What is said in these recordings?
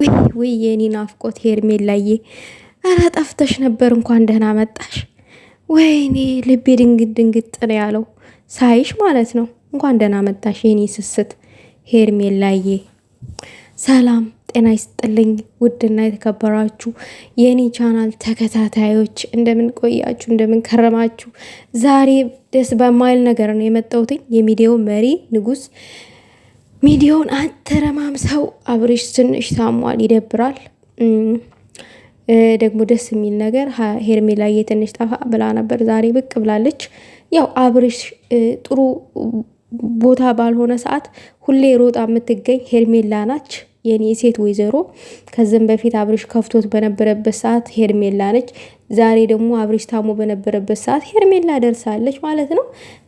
ውይ ውይ የኔ ናፍቆት ሄርሜላዬ፣ ኧረ ጠፍተሽ ነበር። እንኳን ደህና መጣሽ። ወይኔ ልቤ ድንግጥ ድንግጥ ነው ያለው ሳይሽ ማለት ነው። እንኳን ደህና መጣሽ የኔ ስስት ሄርሜላዬ። ሰላም ጤና ይስጥልኝ። ውድና የተከበራችሁ የኔ ቻናል ተከታታዮች እንደምን ቆያችሁ? እንደምን ከረማችሁ? ዛሬ ደስ በማይል ነገር ነው የመጣሁትኝ። የሚዲያው መሪ ንጉስ ሚዲያውን አተረማምሰው አብሬሽ ትንሽ ታሟል፣ ይደብራል። ደግሞ ደስ የሚል ነገር ሄርሜላ የትንሽ ጠፋ ብላ ነበር፣ ዛሬ ብቅ ብላለች። ያው አብሬሽ ጥሩ ቦታ ባልሆነ ሰዓት ሁሌ ሮጣ የምትገኝ ሄርሜላ ናች። የኔ ሴት ወይዘሮ ከዚህም በፊት አብርሽ ከፍቶት በነበረበት ሰዓት ሄርሜላ ነች። ዛሬ ደግሞ አብርሽ ታሞ በነበረበት ሰዓት ሄርሜላ ደርሳለች ማለት ነው።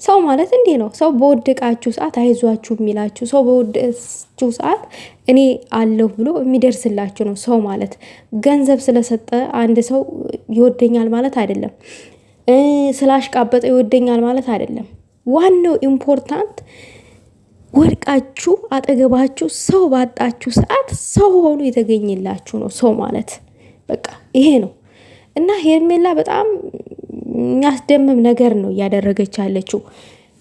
ሰው ማለት እንዲህ ነው። ሰው በወደቃችሁ ሰዓት አይዟችሁ የሚላችሁ ሰው በወደችሁ ሰዓት እኔ አለሁ ብሎ የሚደርስላችሁ ነው ሰው ማለት። ገንዘብ ስለሰጠ አንድ ሰው ይወደኛል ማለት አይደለም። ስላሽቃበጠ ይወደኛል ማለት አይደለም። ዋናው ኢምፖርታንት ወድቃችሁ አጠገባችሁ ሰው ባጣችሁ ሰዓት ሰው ሆኖ የተገኘላችሁ ነው ሰው ማለት በቃ ይሄ ነው። እና ሄርሜላ በጣም የሚያስደምም ነገር ነው እያደረገች ያለችው።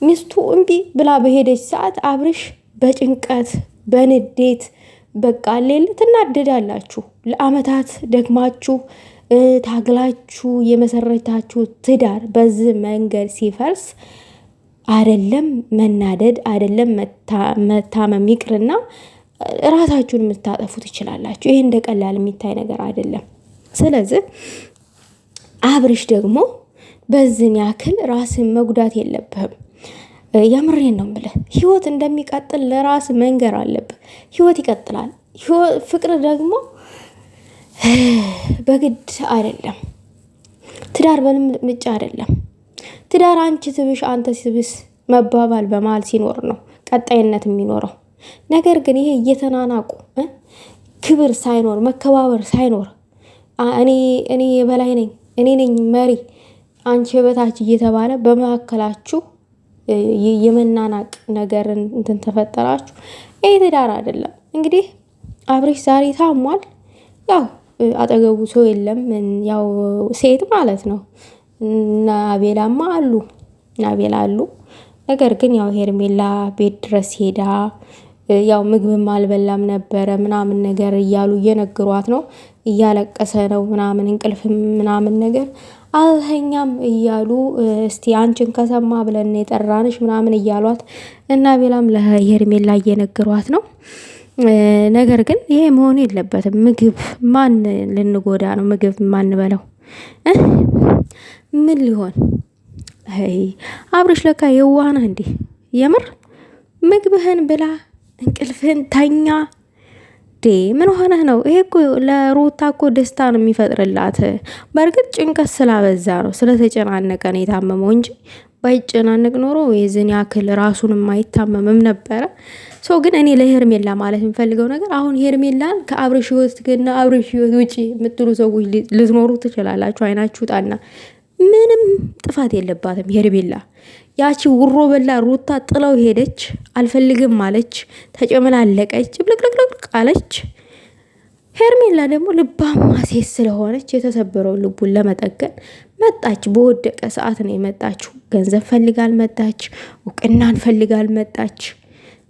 ሚስቱ እምቢ ብላ በሄደች ሰዓት አብርሽ በጭንቀት በንዴት በቃ ሌለ ትናደዳላችሁ። ለአመታት ደግማችሁ ታግላችሁ የመሰረታችሁ ትዳር በዚህ መንገድ ሲፈርስ አደለም መናደድ አደለም መታመም ይቅርና ራሳችሁን የምታጠፉ ትችላላችሁ። ይሄ እንደ ቀላል የሚታይ ነገር አይደለም። ስለዚህ አብርሽ ደግሞ በዚህን ያክል ራስን መጉዳት የለብህም። የምሬን ነው የምልህ። ህይወት እንደሚቀጥል ለራስ መንገር አለብህ። ህይወት ይቀጥላል። ፍቅር ደግሞ በግድ አይደለም። ትዳር በልምምጫ አይደለም። ትዳር አንቺ ትብሽ አንተ ትብስ መባባል በመሀል ሲኖር ነው ቀጣይነት የሚኖረው። ነገር ግን ይሄ እየተናናቁ ክብር ሳይኖር መከባበር ሳይኖር እኔ እኔ የበላይ ነኝ እኔ ነኝ መሪ አንቺ በታች እየተባለ በመካከላችሁ የመናናቅ ነገር እንትን ተፈጠራችሁ። ይህ ትዳር አይደለም። እንግዲህ አብሬሽ ዛሬ ታሟል። ያው አጠገቡ ሰው የለም። ያው ሴት ማለት ነው እና አቤላማ አሉ ናቤላ አቤላ አሉ። ነገር ግን ያው ሄርሜላ ቤት ድረስ ሄዳ ያው ምግብም አልበላም ነበረ ምናምን ነገር እያሉ እየነግሯት ነው። እያለቀሰ ነው ምናምን እንቅልፍ ምናምን ነገር አልተኛም እያሉ እስቲ አንቺን ከሰማ ብለን የጠራንሽ ምናምን እያሏት እና አቤላም ለሄርሜላ እየነግሯት ነው። ነገር ግን ይሄ መሆኑ የለበትም። ምግብ ማን ልንጎዳ ነው? ምግብ ማን በለው ምን ሊሆን አብርሽ ለካ የዋህ እንዴ? የምር ምግብህን ብላ እንቅልፍህን ተኛ። ዴ ምን ሆነህ ነው? ይሄ እኮ ለሩታ እኮ ደስታ ነው የሚፈጥርላት። በእርግጥ ጭንቀት ስላበዛ ነው ስለተጨናነቀ ነው የታመመው እንጂ ባይጨናነቅ ኖሮ የዝን ያክል ራሱንም አይታመምም ነበረ። ሰው ግን እኔ ለሄርሜላ ማለት የምፈልገው ነገር አሁን ሄርሜላን ከአብርሽ ህይወት ግና አብርሽ ህይወት ውጪ የምትሉ ሰዎች ልትኖሩ ትችላላችሁ። አይናችሁ ጣና ምንም ጥፋት የለባትም ሄርሜላ። ያቺ ውሮ በላ ሩታ ጥለው ሄደች፣ አልፈልግም አለች፣ ተጨመላለቀች፣ ብልቅልቅልቅ አለች። ሄርሜላ ደግሞ ልባማ ሴት ስለሆነች የተሰበረው ልቡን ለመጠገን መጣች። በወደቀ ሰዓት ነው የመጣችው። ገንዘብ ፈልጋ አልመጣች፣ እውቅናን ፈልጋ አልመጣች፣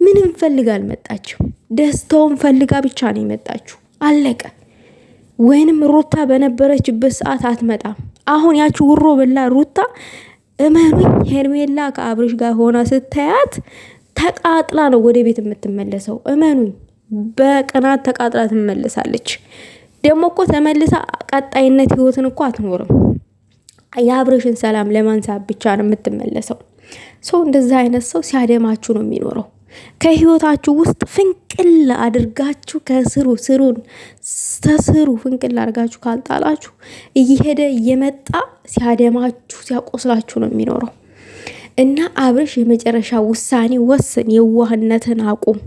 ምንም ፈልጋ አልመጣችው። ደስታውን ፈልጋ ብቻ ነው የመጣችው። አለቀ። ወይንም ሩታ በነበረችበት ሰዓት አትመጣም። አሁን ያቺ ውሮ በላ ሩታ እመኑኝ ሄርሜላ ከአብርሽ ጋር ሆና ስታያት ተቃጥላ ነው ወደ ቤት የምትመለሰው። እመኑኝ በቅናት ተቃጥላ ትመለሳለች። ደግሞ እኮ ተመልሳ ቀጣይነት ህይወትን እኮ አትኖርም። የአብርሽን ሰላም ለማንሳት ብቻ ነው የምትመለሰው። ሰው እንደዛ አይነት ሰው ሲያደማችሁ ነው የሚኖረው። ከህይወታችሁ ውስጥ ፍንቅል አድርጋችሁ ከስሩ ስሩን ተስሩ ፍንቅል አድርጋችሁ ካልጣላችሁ እየሄደ እየመጣ ሲያደማችሁ ሲያቆስላችሁ ነው የሚኖረው። እና አብርሽ የመጨረሻ ውሳኔ ወስን። የዋህነትን አቁም፣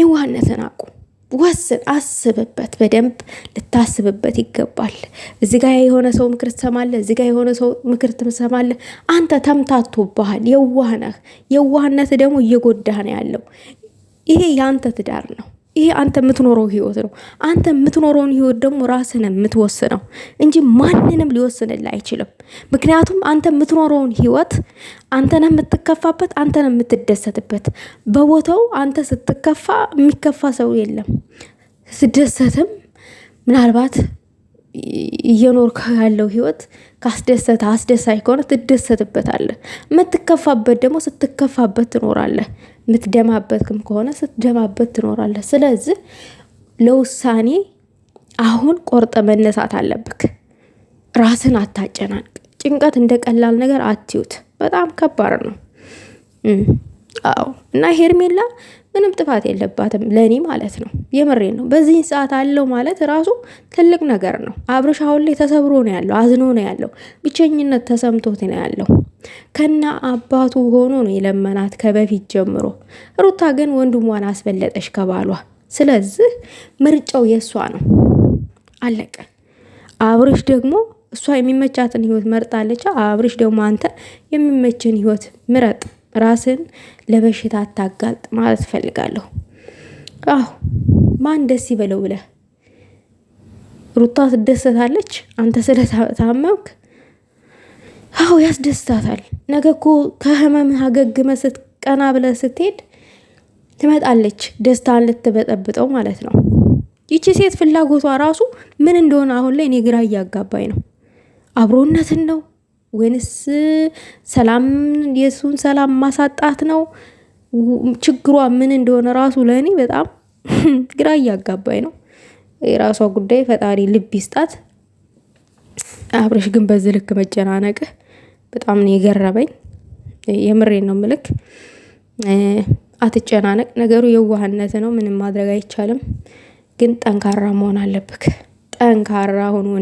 የዋህነትን አቁም። ወስን፣ አስብበት፣ በደንብ ልታስብበት ይገባል። እዚህ ጋ የሆነ ሰው ምክር ትሰማለ፣ እዚ ጋ የሆነ ሰው ምክር ትሰማለ። አንተ ተምታቶብሃል፣ የዋህነህ የዋህነት ደግሞ እየጎዳህ ነው ያለው። ይሄ የአንተ ትዳር ነው። ይሄ አንተ የምትኖረው ህይወት ነው። አንተ የምትኖረውን ህይወት ደግሞ ራስህን የምትወስነው እንጂ ማንንም ሊወስንል አይችልም። ምክንያቱም አንተ የምትኖረውን ህይወት አንተነ የምትከፋበት፣ አንተን የምትደሰትበት። በቦታው አንተ ስትከፋ የሚከፋ ሰው የለም። ስደሰትም ምናልባት እየኖርከ ያለው ህይወት ካስደሰተ አስደሳች ከሆነ ትደሰትበታለህ። የምትከፋበት ደግሞ ስትከፋበት ትኖራለህ። የምትደማበትም ከሆነ ስትደማበት ትኖራለህ። ስለዚህ ለውሳኔ አሁን ቆርጠ መነሳት አለብክ። ራስን አታጨናንቅ። ጭንቀት እንደ ቀላል ነገር አትዩት። በጣም ከባድ ነው። አዎ እና ሄርሜላ ምንም ጥፋት የለባትም፣ ለእኔ ማለት ነው። የምሬን ነው። በዚህን ሰዓት አለው ማለት ራሱ ትልቅ ነገር ነው። አብርሽ አሁን ላይ ተሰብሮ ነው ያለው፣ አዝኖ ነው ያለው፣ ብቸኝነት ተሰምቶት ነው ያለው። ከና አባቱ ሆኖ ነው የለመናት ከበፊት ጀምሮ። ሩታ ግን ወንድሟን አስበለጠች ከባሏ። ስለዚህ ምርጫው የእሷ ነው፣ አለቀ። አብርሽ ደግሞ እሷ የሚመቻትን ህይወት መርጣለች። አብርሽ ደግሞ አንተ የሚመችን ህይወት ምረጥ። ራስን ለበሽታ አታጋልጥ ማለት ፈልጋለሁ። አሁ ማን ደስ ይበለው ብለ ሩታ ትደሰታለች። አንተ ስለታመምክ አሁ ያስደስታታል። ነገ እኮ ከህመም አገግመ ስትቀና ብለ ስትሄድ ትመጣለች ደስታን ልትበጠብጠው ማለት ነው። ይቺ ሴት ፍላጎቷ ራሱ ምን እንደሆነ አሁን ላይ እኔ ግራ እያጋባኝ ነው። አብሮነትን ነው ወይንስ ሰላም የእሱን ሰላም ማሳጣት ነው? ችግሯ ምን እንደሆነ ራሱ ለእኔ በጣም ግራ እያጋባኝ ነው። የራሷ ጉዳይ ፈጣሪ ልብ ይስጣት። አብረሽ ግን በዚህ ልክ መጨናነቅህ በጣም ነው የገረመኝ። የምሬን ነው ምልክ አትጨናነቅ። ነገሩ የዋህነት ነው፣ ምንም ማድረግ አይቻልም። ግን ጠንካራ መሆን አለብክ። ጠንካራ ሁን ወንድ